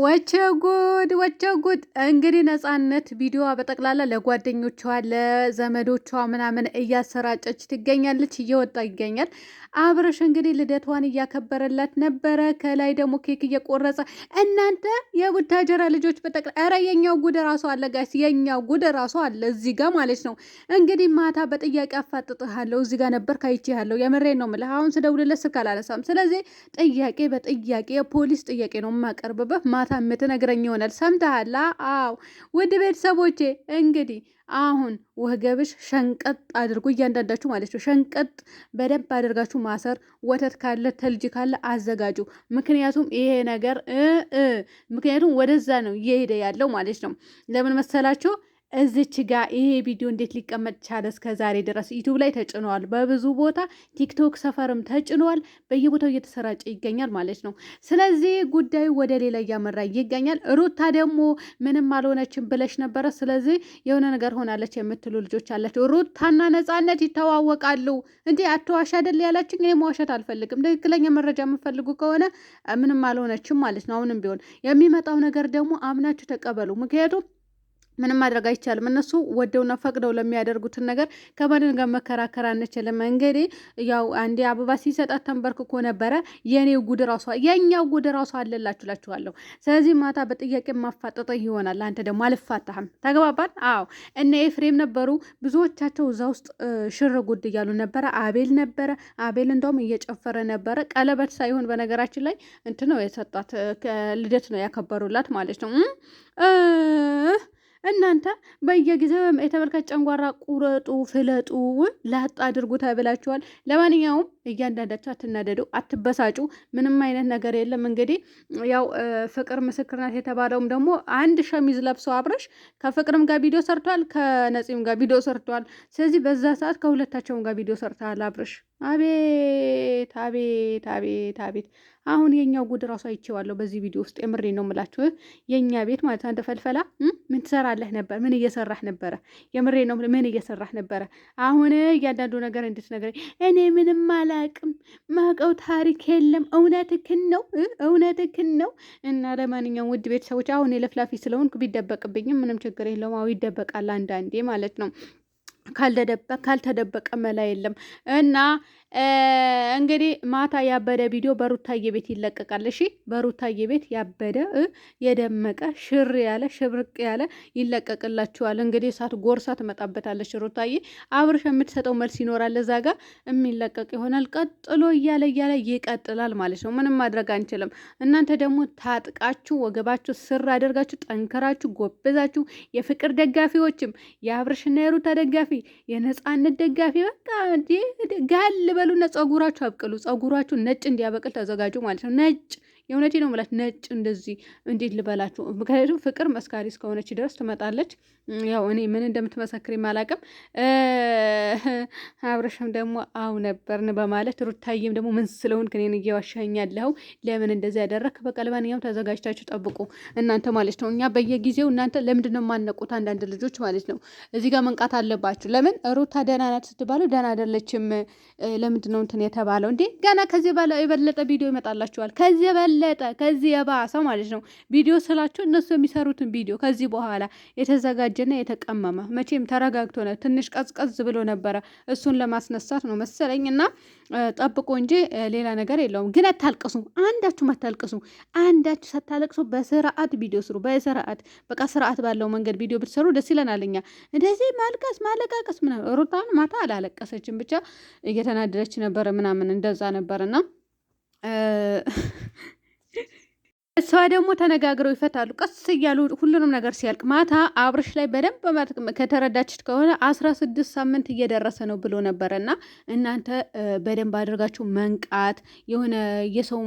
ወቸ ጉድ ወቸ ጉድ! እንግዲህ ነፃነት ቪዲዮዋ በጠቅላላ ለጓደኞቿ ለዘመዶቿ ምናምን እያሰራጨች ትገኛለች፣ እየወጣ ይገኛል። አብረሽ እንግዲህ ልደቷን እያከበረላት ነበረ፣ ከላይ ደግሞ ኬክ እየቆረጸ እናንተ የቡታጀራ ልጆች በጠቅላ ኧረ የኛው ጉድ ራሱ አለ ጋይስ፣ የኛው ጉድ ራሱ አለ እዚህ ጋር ማለት ነው። እንግዲህ ማታ በጥያቄ አፋጥጥሃለሁ እዚህ ጋር ነበር ካይቼ ያለው የምሬን ነው የምልህ። አሁን ስደውልለት ስልክ አላነሳም። ስለዚህ ጥያቄ በጥያቄ የፖሊስ ጥያቄ ነው የማቀርብበት ማታ የምትነግረኝ ይሆናል። ሰምተሃል? አዎ። ውድ ቤተሰቦቼ እንግዲህ አሁን ወገብሽ ሸንቀጥ አድርጉ፣ እያንዳንዳችሁ ማለት ነው። ሸንቀጥ በደንብ አድርጋችሁ ማሰር። ወተት ካለ ተልጅ ካለ አዘጋጁ። ምክንያቱም ይሄ ነገር ምክንያቱም ወደዛ ነው እየሄደ ያለው ማለት ነው። ለምን መሰላችሁ? እዚች ጋ ይሄ ቪዲዮ እንዴት ሊቀመጥ ቻለ? እስከ ዛሬ ድረስ ዩቱብ ላይ ተጭኗል፣ በብዙ ቦታ ቲክቶክ ሰፈርም ተጭኗል። በየቦታው እየተሰራጨ ይገኛል ማለት ነው። ስለዚህ ጉዳዩ ወደ ሌላ እያመራ ይገኛል። ሩታ ደግሞ ምንም አልሆነችም ብለሽ ነበረ። ስለዚህ የሆነ ነገር ሆናለች የምትሉ ልጆች አላቸው። ሩታና ነፃነት ይተዋወቃሉ እንዴ? አትዋሽ አይደል ያላችሁ? እኔ መዋሸት አልፈልግም። ትክክለኛ መረጃ የምፈልጉ ከሆነ ምንም አልሆነችም ማለት ነው። አሁንም ቢሆን የሚመጣው ነገር ደግሞ አምናችሁ ተቀበሉ። ምክንያቱም ምንም ማድረግ አይቻልም። እነሱ ወደውና ፈቅደው ለሚያደርጉትን ነገር ከማንን ጋር መከራከር አንችልም። እንግዲህ ያው አንዴ አበባ ሲሰጣት ተንበርክኮ ነበረ። የኔ ጉድ ራሷ የኛው ጉድ ራሷ አለላችሁላችኋለሁ። ስለዚህ ማታ በጥያቄ ማፋጠጠ ይሆናል። አንተ ደግሞ አልፋታህም። ተግባባን? አዎ። እነ ኤፍሬም ነበሩ። ብዙዎቻቸው እዛ ውስጥ ሽር ጉድ እያሉ ነበረ። አቤል ነበረ። አቤል እንደውም እየጨፈረ ነበረ። ቀለበት ሳይሆን በነገራችን ላይ እንትን ነው የሰጣት፣ ልደት ነው ያከበሩላት ማለት ነው። እናንተ በየጊዜው የተመልካች ጨንጓራ ቁረጡ፣ ፍለጡ፣ ላጥ አድርጉ ተብላችኋል። ለማንኛውም እያንዳንዳቸው አትናደዱ፣ አትበሳጩ። ምንም አይነት ነገር የለም። እንግዲህ ያው ፍቅር ምስክርናት የተባለውም ደግሞ አንድ ሸሚዝ ለብሶ አብረሽ ከፍቅርም ጋር ቪዲዮ ሰርቷል፣ ከነፂም ጋር ቪዲዮ ሰርቷል። ስለዚህ በዛ ሰዓት ከሁለታቸውም ጋር ቪዲዮ ሰርተሃል አብረሽ አቤት አቤት አቤት አቤት! አሁን የኛው ጉድ ራሱ አይቼዋለሁ በዚህ ቪዲዮ ውስጥ የምሬ ነው የምላችሁ። የኛ ቤት ማለት አንተ ፈልፈላ ምን ትሰራለህ ነበር? ምን እየሰራህ ነበረ? የምሬ ነው። ምን እየሰራህ ነበረ? አሁን እያንዳንዱ ነገር እንድትነግረኝ። እኔ ምንም አላቅም፣ ማውቀው ታሪክ የለም። እውነትህን ነው፣ እውነትህን ነው። እና ለማንኛውም ውድ ቤተሰቦች አሁን የለፍላፊ ስለሆንኩ ቢደበቅብኝም ምንም ችግር የለውም። አዎ ይደበቃል አንዳንዴ ማለት ነው። ካልተደበቀ መላ የለም እና እንግዲህ ማታ ያበደ ቪዲዮ በሩታዬ ቤት ይለቀቃል። እሺ በሩታዬ ቤት ያበደ የደመቀ ሽር ያለ ሽብርቅ ያለ ይለቀቅላችኋል። እንግዲህ እሳት ጎርሳ ትመጣበታለች ሩታዬ። አብርሽ የምትሰጠው መልስ ይኖራል እዛ ጋ የሚለቀቅ ይሆናል። ቀጥሎ እያለ እያለ ይቀጥላል ማለት ነው። ምንም ማድረግ አንችልም። እናንተ ደግሞ ታጥቃችሁ ወገባችሁ ስር አድርጋችሁ ጠንከራችሁ ጎበዛችሁ። የፍቅር ደጋፊዎችም የአብርሽና የሩታ ደጋፊ የነፃነት ደጋፊ በቃ ጋል በሉና ጸጉራችሁ አብቅሉ። ጸጉራችሁ ነጭ እንዲያበቅል ተዘጋጁ ማለት ነው። ነጭ የእውነቴ ነው የምላት ነጭ እንደዚህ እንዴት ልበላችሁ። ምክንያቱም ፍቅር መስካሪ እስከሆነች ድረስ ትመጣለች። ያው እኔ ምን እንደምትመሰክር አላቅም አብረሽም ደግሞ አው ነበርን በማለት ሩታዬም ደግሞ ምን ስለሆን ክኔን እየዋሻኛለሁ ለምን እንደዚህ ያደረክ በቀልባን ያው ተዘጋጅታችሁ ጠብቁ እናንተ ማለት ነው። እኛ በየጊዜው እናንተ ለምንድን ነው የማነቁት? አንዳንድ ልጆች ማለት ነው እዚህ ጋር መንቃት አለባችሁ። ለምን ሩታ ደህና ናት ስትባለው ደህና አይደለችም። ለምንድን ነው እንትን የተባለው እንዴ? ገና ከዚህ የበለጠ ቪዲዮ ይመጣላችኋል ከዚህ የበለጠ ከዚህ የባሰ ማለት ነው ቪዲዮ ስላቸው እነሱ የሚሰሩትን ቪዲዮ ከዚህ በኋላ የተዘጋጀና የተቀመመ መቼም ተረጋግቶ ነ ትንሽ ቀዝቀዝ ብሎ ነበረ። እሱን ለማስነሳት ነው መሰለኝ እና ጠብቆ እንጂ ሌላ ነገር የለውም። ግን አታልቅሱ፣ አንዳችሁ አታልቅሱ። አንዳችሁ ሳታለቅሱ በስርዓት ቪዲዮ ስሩ። በስርዓት በቃ ስርዓት ባለው መንገድ ቪዲዮ ብትሰሩ ደስ ይለናል። እኛ እንደዚህ ማልቀስ ማለቃቀስ ምናምን ሩታን ማታ አላለቀሰችም፣ ብቻ እየተናደደች ነበረ ምናምን እንደዛ ነበርና እሷ ደግሞ ተነጋግረው ይፈታሉ። ቀስ እያሉ ሁሉንም ነገር ሲያልቅ ማታ አብርሽ ላይ በደንብ ከተረዳችት ከሆነ አስራ ስድስት ሳምንት እየደረሰ ነው ብሎ ነበረ እና እናንተ በደንብ አድርጋችሁ መንቃት የሆነ የሰው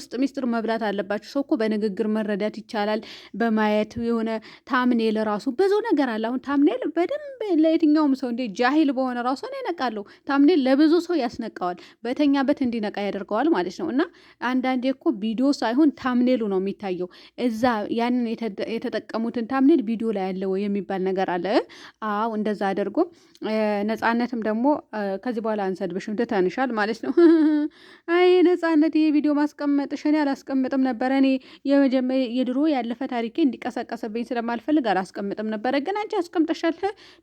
ውስጥ ሚስጥር መብላት አለባችሁ። ሰው እኮ በንግግር መረዳት ይቻላል። በማየት የሆነ ታምኔል ራሱ ብዙ ነገር አለ። አሁን ታምኔል በደንብ ለየትኛውም ሰው እንዴ ጃሂል በሆነ ራሱ ነው ይነቃለሁ። ታምኔል ለብዙ ሰው ያስነቃዋል። በተኛበት እንዲነቃ ያደርገዋል ማለት ነው እና አንዳንድ አንዳንዴ እኮ ቪዲዮ ሳይሆን ታምኔሉ ነው የሚታየው። እዛ ያንን የተጠቀሙትን ታምኔል ቪዲዮ ላይ ያለው የሚባል ነገር አለ። አዎ እንደዛ አድርጎ ነጻነትም ደግሞ ከዚህ በኋላ አንሰድብሽም ትተንሻል ማለት ነው። አይ ነጻነት፣ ይሄ ቪዲዮ ማስቀመጥሽ እኔ አላስቀምጥም ነበረ። እኔ የድሮ ያለፈ ታሪኬ እንዲቀሰቀስብኝ ስለማልፈልግ አላስቀምጥም ነበረ፣ ግን አንቺ አስቀምጠሻል።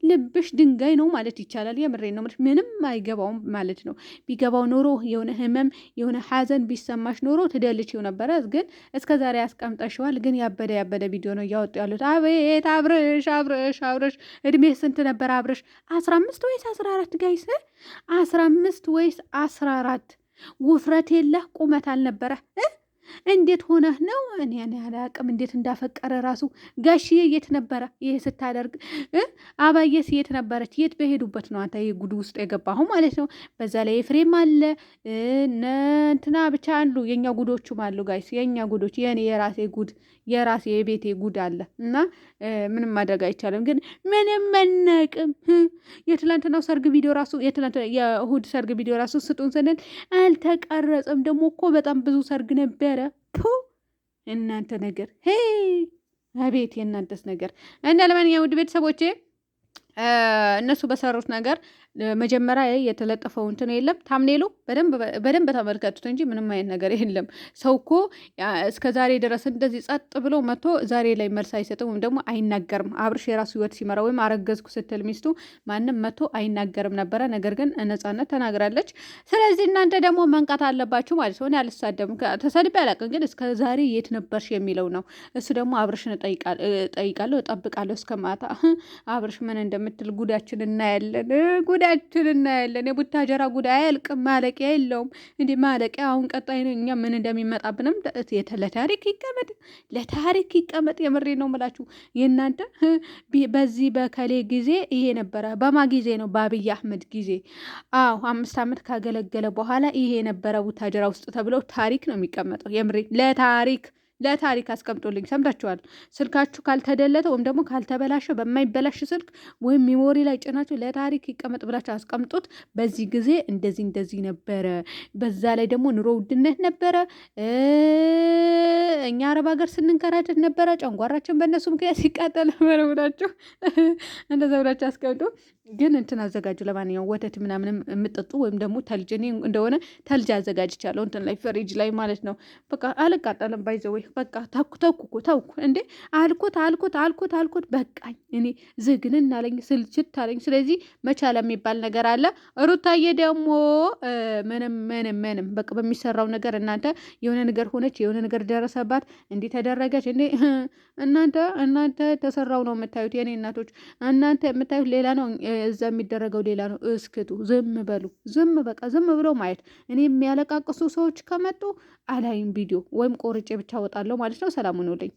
ልብሽ ድንጋይ ነው ማለት ይቻላል። የምሬ ነው። ምንም አይገባውም ማለት ነው። ቢገባው ኖሮ የሆነ ህመም የሆነ ሀዘን ቢሰማሽ ኖሮ ትደልችው ነበረ፣ ግን እስከ ዛሬ ያስቀምጠሽዋል። ግን ያበደ ያበደ ቪዲዮ ነው እያወጡ ያሉት። አቤት አብርሽ አብርሽ አብርሽ! እድሜ ስንት ነበር አብርሽ? አስራ አምስት ወይስ አስራ አራት ጋይስ? አስራ አምስት ወይስ አስራ አራት ውፍረት የለህ ቁመት አልነበረ እንዴት ሆነህ ነው? እኔ አላቅም እንዴት እንዳፈቀረ ራሱ። ጋሽዬ የት ነበረ ይሄ ስታደርግ? አባየስ የት ነበረች? የት በሄዱበት ነው አንተ ይሄ ጉድ ውስጥ የገባሁ ማለት ነው። በዛ ላይ ኤፍሬም አለ እንትና ብቻ አሉ፣ የእኛ ጉዶቹም አሉ። ጋይስ የእኛ ጉዶች፣ የኔ የራሴ ጉድ፣ የራሴ የቤቴ ጉድ አለ እና ምንም ማድረግ አይቻልም። ግን ምንም መነቅም የትላንትናው ሰርግ ቪዲዮ ራሱ የትላንት የእሁድ ሰርግ ቪዲዮ ራሱ ስጡን ስንል አልተቀረጸም። ደግሞ እኮ በጣም ብዙ ሰርግ ነበር። ፑ እናንተ ነገር ሄ አቤት የእናንተስ ነገር እና ለማንኛውም ውድ ቤተሰቦቼ እነሱ በሰሩት ነገር መጀመሪያ የተለጠፈው እንትን የለም ታምኔሉ በደንብ ተመልከቱት እንጂ ምንም አይነት ነገር የለም። ሰው እኮ እስከ ዛሬ ድረስ እንደዚህ ጸጥ ብሎ መጥቶ ዛሬ ላይ መልስ አይሰጥም ወይም ደግሞ አይናገርም። አብርሽ የራሱ ህይወት ሲመራ ወይም አረገዝኩ ስትል ሚስቱ ማንም መጥቶ አይናገርም ነበረ። ነገር ግን ነጻነት ተናግራለች። ስለዚህ እናንተ ደግሞ መንቃት አለባችሁ ማለት ሆነ። ያልሳደም ተሰድቤ አላውቅም። ግን እስከ ዛሬ የት ነበርሽ የሚለው ነው። እሱ ደግሞ አብርሽን ጠይቃለሁ፣ እጠብቃለሁ እስከ ማታ አብርሽ ምን እንደም የምትል ጉዳችን እናያለን፣ ጉዳችን እናያለን። የቡታጀራ ጉዳይ አያልቅም፣ ማለቂያ የለውም። እንዲ ማለቂያ አሁን ቀጣይ እኛ ምን እንደሚመጣብንም ለታሪክ ይቀመጥ፣ ለታሪክ ይቀመጥ። የምሬ ነው ምላችሁ የእናንተ በዚህ በከሌ ጊዜ ይሄ ነበረ። በማ ጊዜ ነው? በአብይ አህመድ ጊዜ። አዎ አምስት ዓመት ካገለገለ በኋላ ይሄ የነበረ ቡታጀራ ውስጥ ተብለው ታሪክ ነው የሚቀመጠው። የምሬ ለታሪክ ለታሪክ አስቀምጦልኝ ሰምታችኋል። ስልካችሁ ካልተደለተ ወይም ደግሞ ካልተበላሸ በማይበላሽ ስልክ ወይም ሚሞሪ ላይ ጭናችሁ ለታሪክ ይቀመጥ ብላችሁ አስቀምጡት። በዚህ ጊዜ እንደዚህ እንደዚህ ነበረ። በዛ ላይ ደግሞ ኑሮ ውድነት ነበረ። እኛ አረብ ሀገር ስንንከራተት ነበረ። ጨንጓራችን በእነሱ ምክንያት ሲቃጠል ነበረ ብላችሁ እንደዛ ብላችሁ አስቀምጡ። ግን እንትን አዘጋጁ። ለማንኛውም ወተት ምናምንም የምጠጡ ወይም ደግሞ ተልጅ እኔ እንደሆነ ተልጅ አዘጋጅቻለሁ፣ እንትን ላይ ፍሪጅ ላይ ማለት ነው። በቃ አልቃጠልም። ባይዘወይ በቃ ታኩ ታኩ ተኩ እንዴ አልኩት አልኩት አልኩት አልኩት በቃኝ። እኔ ዝግን እናለኝ ስልችት አለኝ። ስለዚህ መቻል የሚባል ነገር አለ። ሩታዬ ደግሞ ምንም ምንም ምንም በቃ በሚሰራው ነገር እናንተ የሆነ ነገር ሆነች፣ የሆነ ነገር ደረሰባት፣ እንዲህ ተደረገች፣ እንዴ እናንተ እናንተ ተሰራው ነው የምታዩት። የኔ እናቶች እናንተ የምታዩት ሌላ ነው። እዛ የሚደረገው ሌላ ነው። እስክቱ፣ ዝም በሉ፣ ዝም በቃ ዝም ብለው ማየት። እኔ የሚያለቃቅሱ ሰዎች ከመጡ አላይም ቪዲዮ ወይም ቆርጬ ብቻ ወጣለሁ ማለት ነው። ሰላሙን ውለኝ